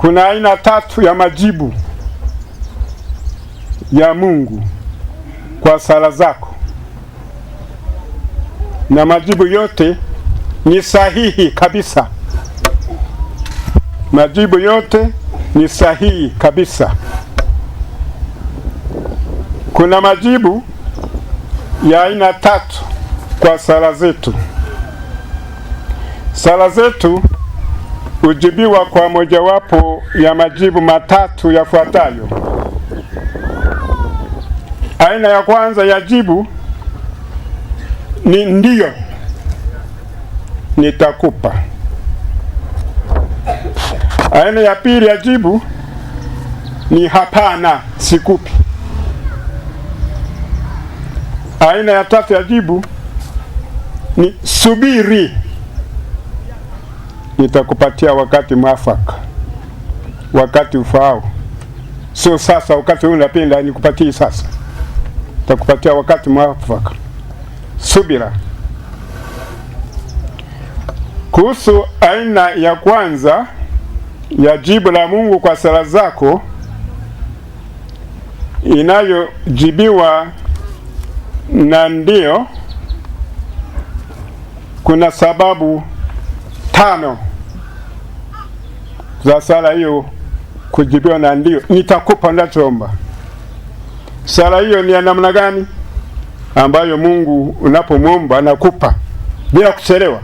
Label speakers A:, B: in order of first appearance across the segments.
A: Kuna aina tatu ya majibu ya Mungu kwa sala zako, na majibu yote ni sahihi kabisa. Majibu yote ni sahihi kabisa. Kuna majibu ya aina tatu kwa sala zetu. Sala zetu hujibiwa kwa mojawapo ya majibu matatu yafuatayo. Aina ya kwanza ya jibu ni ndiyo, nitakupa. Aina ya pili ya jibu ni hapana, sikupi. Aina ya tatu ya jibu ni subiri nitakupatia wakati mwafaka, wakati ufaao, sio sasa. Wakati huu napenda nikupatie sasa, nitakupatia wakati mwafaka. Subira. Kuhusu aina ya kwanza ya jibu la Mungu kwa sala zako inayojibiwa na ndio, kuna sababu tano za sala hiyo kujibiwa na ndio, nitakupa nachoomba Sala hiyo ni ya namna gani ambayo Mungu unapomwomba anakupa bila kuchelewa?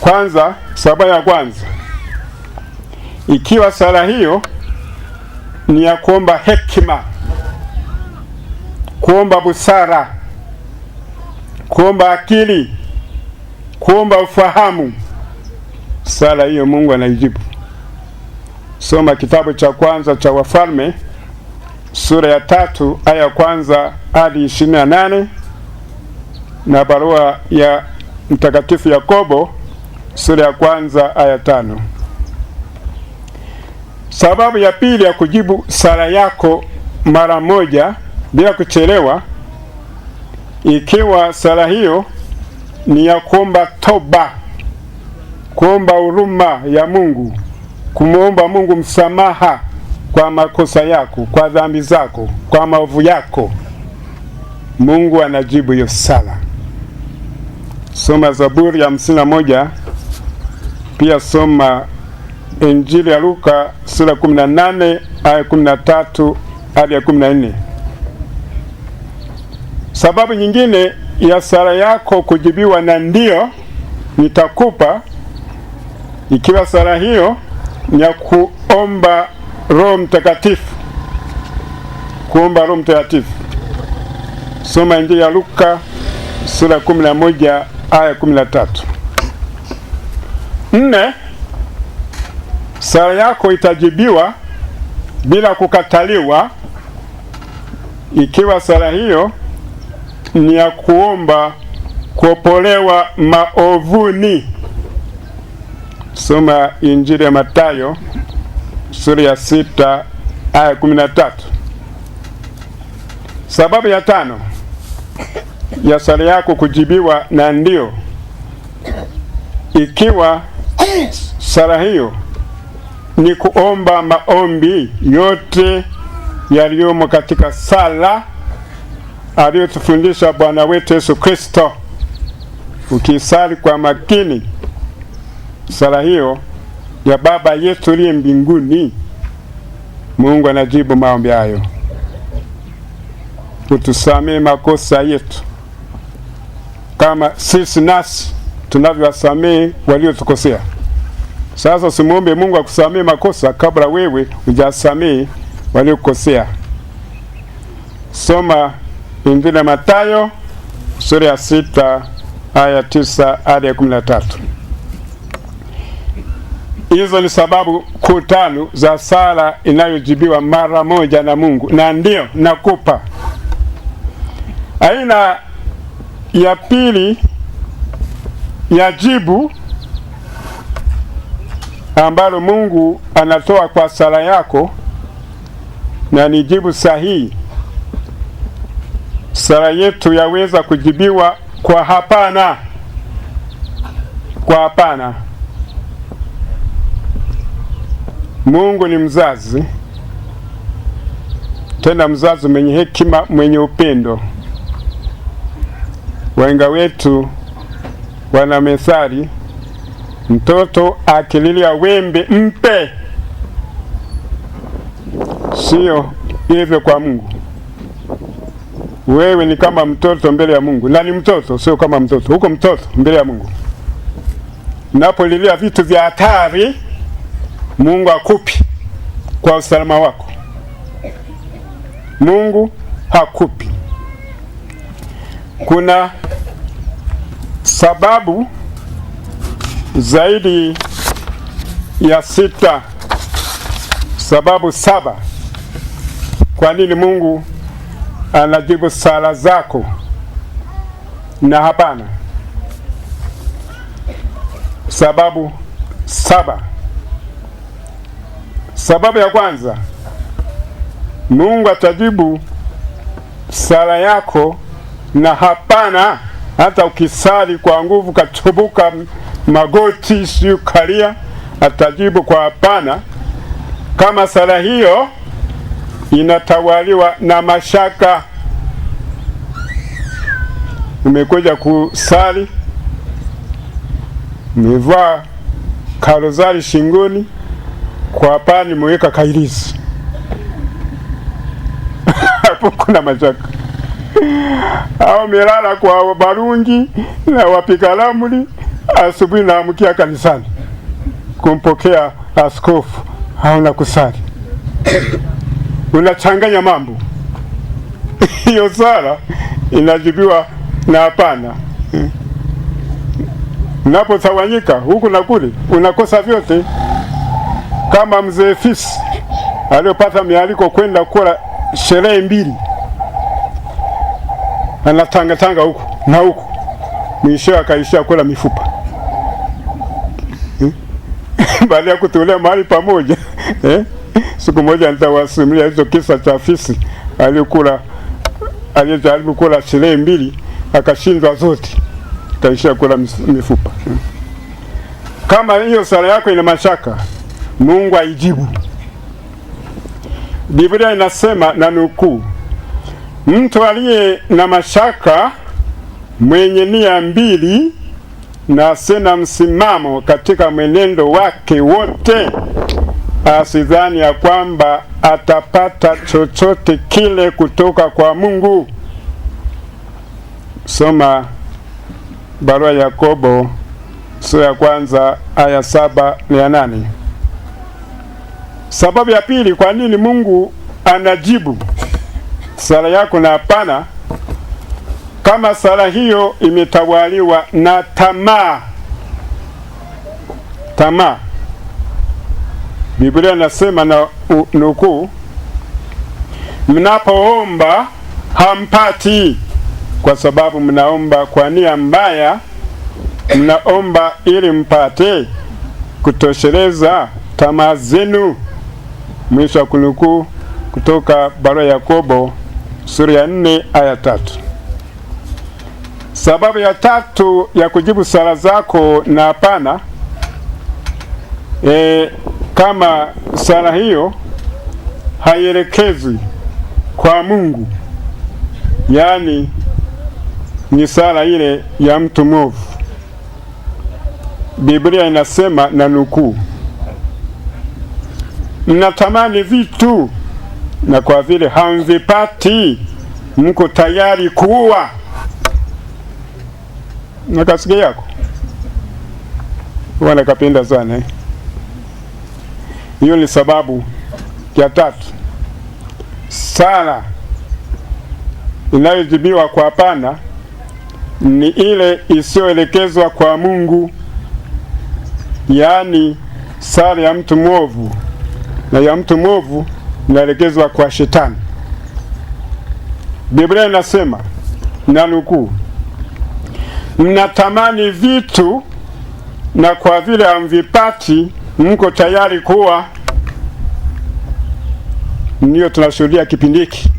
A: Kwanza, sababu ya kwanza, ikiwa sala hiyo ni ya kuomba hekima, kuomba busara, kuomba akili, kuomba ufahamu Sala hiyo Mungu anaijibu. Soma kitabu cha kwanza cha Wafalme sura ya tatu aya ya kwanza hadi ishirini na nane na barua ya Mtakatifu Yakobo sura ya kwanza aya tano. Sababu ya pili ya kujibu sala yako mara moja bila kuchelewa, ikiwa sala hiyo ni ya kuomba toba kuomba huruma ya Mungu, kumwomba Mungu msamaha kwa makosa yako, kwa dhambi zako, kwa maovu yako. Mungu anajibu hiyo sala. Soma Zaburi ya hamsini na moja pia soma Injili ya Luka sura 18 aya 13 hadi ya 14. Sababu nyingine ya sala yako kujibiwa na ndio nitakupa ikiwa sala hiyo ni ya kuomba Roho Mtakatifu, kuomba Roho Mtakatifu. Soma Injili ya Luka sura 11 aya tatu. Nne, sala yako itajibiwa bila kukataliwa ikiwa sala hiyo ni ya kuomba kuopolewa maovuni. Soma Injili ya matayo sura ya sita aya kumi na tatu. Sababu ya tano ya sala yako kujibiwa na ndio, ikiwa sala hiyo ni kuomba maombi yote yaliyomo katika sala aliyotufundisha Bwana wetu Yesu Kristo, ukisali kwa makini sala hiyo ya Baba yetu uliye mbinguni. Mungu anajibu maombi hayo, utusamee makosa yetu kama sisi nasi tunavyowasamee waliotukosea. Sasa usimwombe Mungu akusamee makosa kabla wewe hujasamee waliokukosea. Soma Injili ya Mathayo sura ya sita aya tisa hadi ya kumi na tatu. Hizo ni sababu kuu tano za sala inayojibiwa mara moja na Mungu, na ndio nakupa. Aina ya pili ya jibu ambalo Mungu anatoa kwa sala yako na ni jibu sahihi. Sala yetu yaweza kujibiwa kwa hapana, kwa hapana. Mungu ni mzazi, tena mzazi mwenye hekima, mwenye upendo. Wenga wetu wana methali, mtoto akililia wembe mpe. Sio hivyo kwa Mungu. Wewe ni kama mtoto mbele ya Mungu, na ni mtoto, sio kama mtoto huko, mtoto mbele ya Mungu. Napolilia vitu vya hatari Mungu akupi kwa usalama wako. Mungu hakupi. Kuna sababu zaidi ya sita, sababu saba kwa nini Mungu anajibu sala zako na hapana. Sababu saba. Sababu ya kwanza, Mungu atajibu sala yako, na hapana hata ukisali kwa nguvu, katubuka magoti, si ukalia, atajibu kwa hapana, kama sala hiyo inatawaliwa na mashaka. Umekuja kusali, umevaa karozari shingoni kwa paa nimeweka kailisi hapo kuna mashaka au milala kwa barungi na wapiga ramli, asubuhi naamkia kanisani kumpokea askofu au na kusali unachanganya mambo hiyo sala inajibiwa na hapana. Unapotawanyika huku na kule, unakosa vyote kama mzee Fisi aliyopata mialiko kwenda kula sherehe mbili, anatangatanga huku na huku, mwisho akaishia kula mifupa hmm? baada ya kutulia mahali pamoja eh? Siku moja nitawasimulia hizo kisa cha Fisi aliyokula aliyejaribu kula sherehe mbili akashindwa zote, akaishia kula mifupa. Hmm? Kama hiyo sala yako ina mashaka Mungu aijibu. Biblia inasema na nukuu, mtu aliye na mashaka, mwenye nia mbili na sina msimamo katika mwenendo wake wote, asidhani ya kwamba atapata chochote kile kutoka kwa Mungu. Soma barua Yakobo sura ya kwanza aya saba na nane. Sababu ya pili, kwa nini Mungu anajibu sala yako na hapana kama sala hiyo imetawaliwa na tamaa? Tamaa, Biblia nasema na nukuu, mnapoomba hampati kwa sababu mnaomba kwa nia mbaya, mnaomba ili mpate kutosheleza tamaa zenu mwisho wa kunukuu kutoka barua ya Yakobo sura ya nne aya tatu. Sababu ya tatu ya kujibu sala zako na hapana e, kama sala hiyo haielekezwi kwa Mungu, yaani ni sala ile ya mtu mwovu. Biblia inasema na nukuu mnatamani vitu na kwa vile hamvipati mko tayari kuua. kasige yako huwa nakapenda sana eh. hiyo. Eh, ni sababu ya tatu sala inayojibiwa kwa hapana ni ile isiyoelekezwa kwa Mungu, yaani sala ya mtu mwovu na ya mtu mwovu inaelekezwa kwa shetani. Biblia inasema na nukuu, mnatamani vitu na kwa vile hamvipati mko tayari kuwa. ndio tunashuhudia kipindi hiki,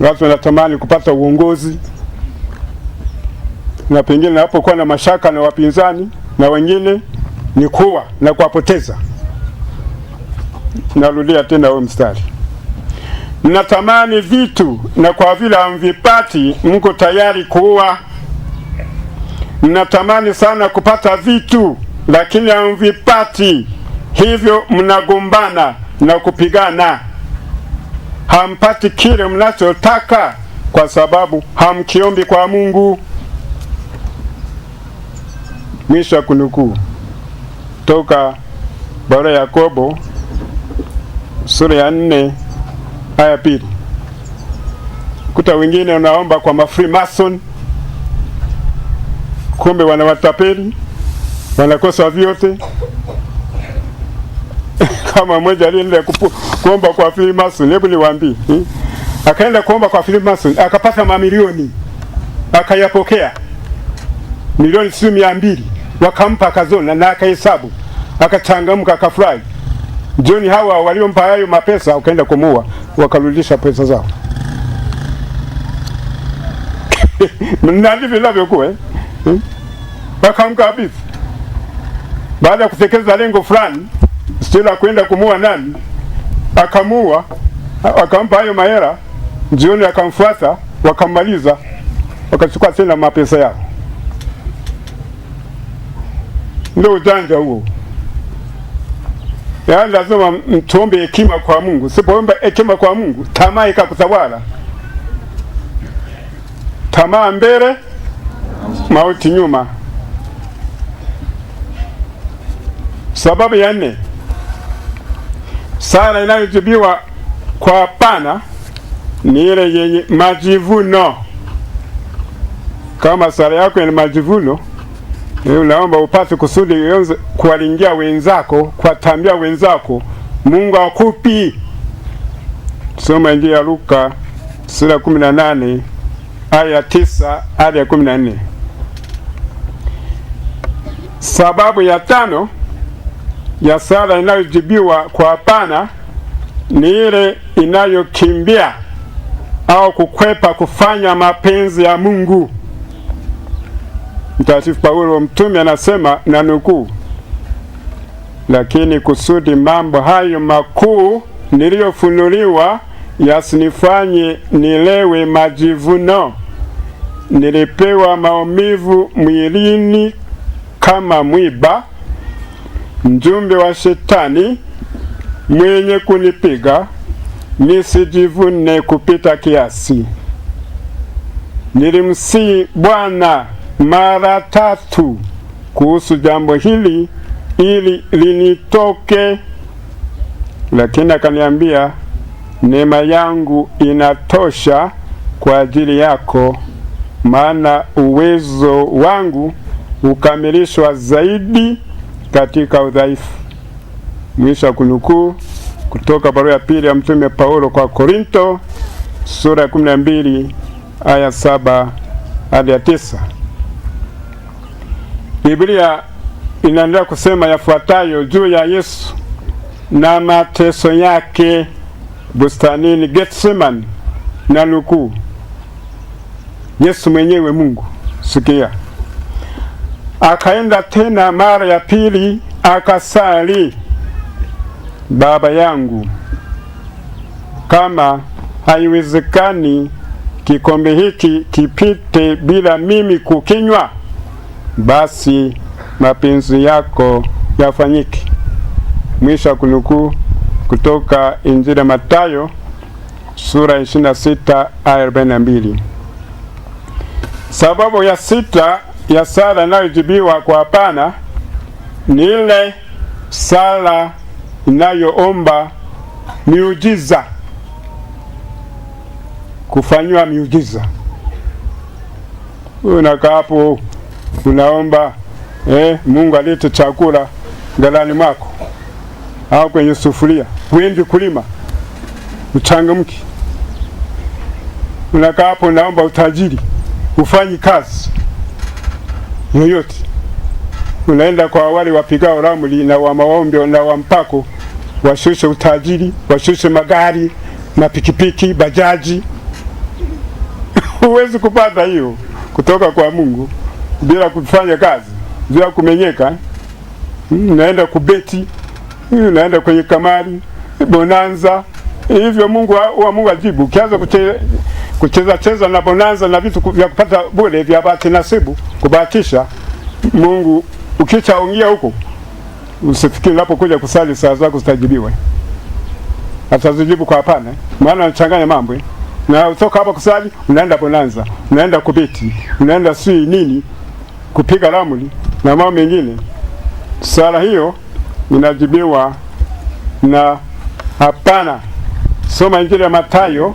A: watu wanatamani kupata uongozi na pengine napokuwa na mashaka na wapinzani na wengine ni kuwa na kuwapoteza narudia tena huo mstari, mnatamani vitu na kwa vile hamvipati mko tayari kuua. Mnatamani sana kupata vitu lakini hamvipati, hivyo mnagombana na kupigana, hampati kile mnachotaka kwa sababu hamkiombi kwa Mungu. Mwisho wa kunukuu toka bara Yakobo sura ya nne aya pili. Kuta wengine unaomba kwa mafreemason, kumbe wanawatapeli wanakosa vyote kama mmoja alienda kuomba kwa Freemason, hebu niwaambie eh? Akaenda kuomba kwa Freemason akapata mamilioni akayapokea, milioni sio mia mbili, wakampa akazona na akahesabu, akachangamka, akafurahi. Jioni hawa waliompa hayo mapesa wakaenda kumuua, wakarudisha pesa zao na ndivyo inavyokuwa eh? hmm? Wakamkabidhi baada ya kutekeleza lengo fulani, sio kwenda kumuua nani, akamuua, akampa hayo mahera. Jioni akamfuata, wakamaliza, wakachukua tena mapesa yao. Ndio ujanja huo yaani lazima tuombe hekima kwa Mungu. Sipoomba hekima kwa Mungu, tamaa ikakutawala. Tamaa mbele, mauti nyuma. Sababu ya nne, sala inayojibiwa kwa hapana ni ile yenye majivuno. Kama sala yako ni majivuno naomba upate kusudi kuwalingia wenzako, kuwatambia wenzako. Mungu akupi. Soma Injili ya Luka sura ya 18 aya ya 9 hadi ya 14. Sababu ya tano ya sala inayojibiwa kwa hapana ni ile inayokimbia au kukwepa kufanya mapenzi ya Mungu. Mtakatifu Paulo mtume anasema na nukuu, lakini kusudi mambo hayo makuu niliyofunuliwa yasinifanye nilewe majivuno. Nilipewa maumivu mwilini kama mwiba, mjumbe wa shetani mwenye kunipiga, nisijivune kupita kiasi. Nilimsii Bwana mara tatu kuhusu jambo hili ili linitoke, lakini akaniambia neema yangu inatosha kwa ajili yako, maana uwezo wangu ukamilishwa zaidi katika udhaifu. Mwisho wa kunukuu kutoka barua ya pili ya Mtume Paulo kwa Korinto sura ya 12 aya 7 hadi ya 9. Biblia inaendelea kusema yafuatayo juu ya Yesu na mateso yake bustanini Getsemani na nukuu, Yesu mwenyewe Mungu, sikia, akaenda tena mara ya pili akasali, Baba yangu, kama haiwezekani kikombe hiki kipite bila mimi kukinywa basi mapenzi yako yafanyike. Mwisho wa kunukuu kutoka Injili ya Mathayo sura 26 aya 42. Sababu ya sita ya sala inayojibiwa kwa hapana ni ile sala inayoomba miujiza, kufanywa miujiza. Unakaa hapo unaomba eh, Mungu alete chakula galani mwako au kwenye sufuria, wendi kulima, uchangamki. Unakaa hapo naomba utajiri, ufanyi kazi yoyote, unaenda kwa wale wapigao ramli na wa maombi na wa mpako, washushe utajiri, washushe magari, mapikipiki, bajaji huwezi kupata hiyo kutoka kwa Mungu bila kufanya kazi, bila kumenyeka, hmm, naenda kubeti, hmm, naenda kwenye kamari, bonanza hivyo. Mungu wa Mungu ajibu. Ukianza kucheza cheza na bonanza na vitu vya kupata bure vya bahati nasibu, kubahatisha, Mungu ukichaongia huko, usifikiri napo kuja kusali saa zako zitajibiwa, atazijibu kwa hapana, maana anachanganya mambo na utoka hapa kusali, unaenda bonanza, unaenda kubiti, unaenda si nini kupiga ramli na mambo mengine. Swala hiyo inajibiwa na hapana. Soma Injili ya Mathayo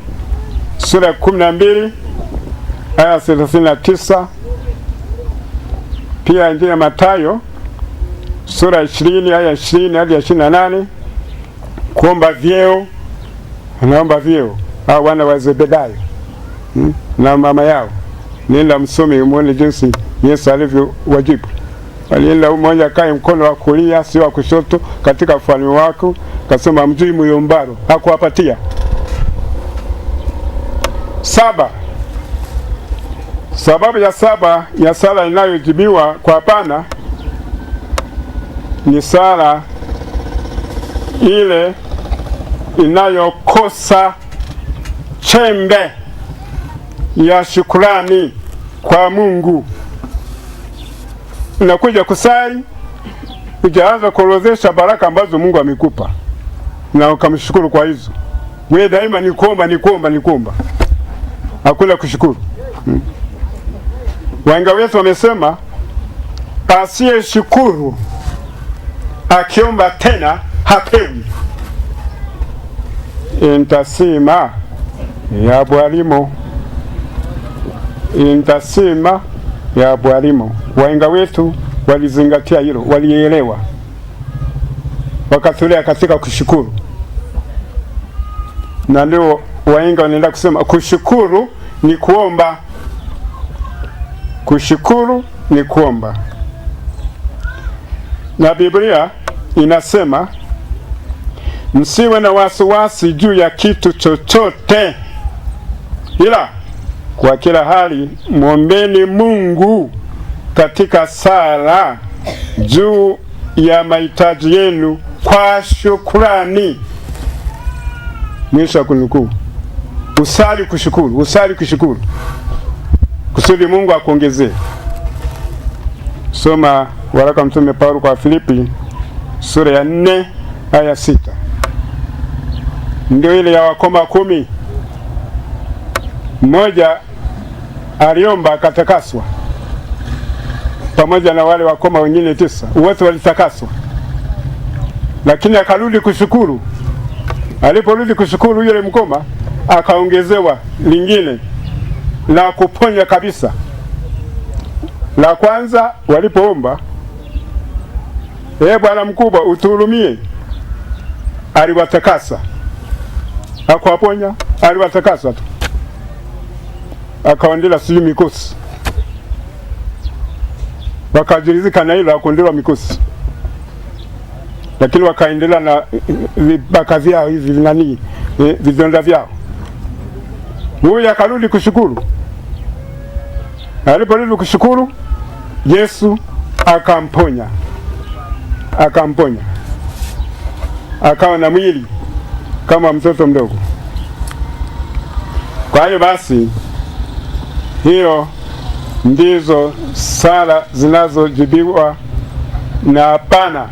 A: sura ya kumi na mbili aya thelathini na tisa pia Injili ya Mathayo sura ya ishirini aya ishirini hadi ya ishirini na nane kuomba vyeo, anaomba vyeo au wana wa Zebedayo hmm? na mama yao. Nenda msome, muone jinsi Yesu wajibu. walienda mmoja kae mkono wa kulia sio wa kushoto katika ufalme wako, kasema mjui muyombaro, hakuwapatia saba. Sababu ya saba ya sala inayojibiwa kwa hapana ni sala ile inayokosa chembe ya shukrani kwa Mungu unakuja kusali, ujaanza kuorodhesha baraka ambazo Mungu amekupa na ukamshukuru kwa hizo. Wewe daima ni kuomba, ni kuomba, ni kuomba, hakuna kushukuru hmm. Wahenga wetu wamesema asiye shukuru akiomba tena hapewi. intasima ya bwalimo intasima ya Bwalimo. Wahenga wetu walizingatia hilo, walielewa, wakatulea katika kushukuru, na leo wahenga wanaenda kusema kushukuru ni kuomba. Kushukuru ni kuomba, na Biblia inasema msiwe na wasiwasi juu ya kitu chochote, ila kwa kila hali mwombeni Mungu katika sala juu ya mahitaji yenu kwa shukrani. Mwisho wa kunukuu. Usali kushukuru, usali kushukuru kusudi Mungu akuongezee. Soma waraka Mtume Paulo kwa Filipi sura ya nne aya sita ndio ile ya wakoma kumi. Mmoja aliomba akatakaswa, pamoja na wale wakoma wengine tisa, wote walitakaswa, lakini akarudi kushukuru. Aliporudi kushukuru, yule mkoma akaongezewa lingine la kuponya kabisa. La kwanza walipoomba, ee Bwana mkubwa utuhurumie, aliwatakasa, akuwaponya, aliwatakasa tu akawandila sijui mikosi wakajirizika na hilo, hakuondolewa mikosi, lakini wakaendelea na vibaka eh, eh, vyao hivi nani eh, vidonda vyao. Huyu akarudi kushukuru. Aliporudi kushukuru, Yesu akamponya, akamponya, akawa na mwili kama mtoto mdogo. Kwa hiyo basi hiyo ndizo sala zinazojibiwa na hapana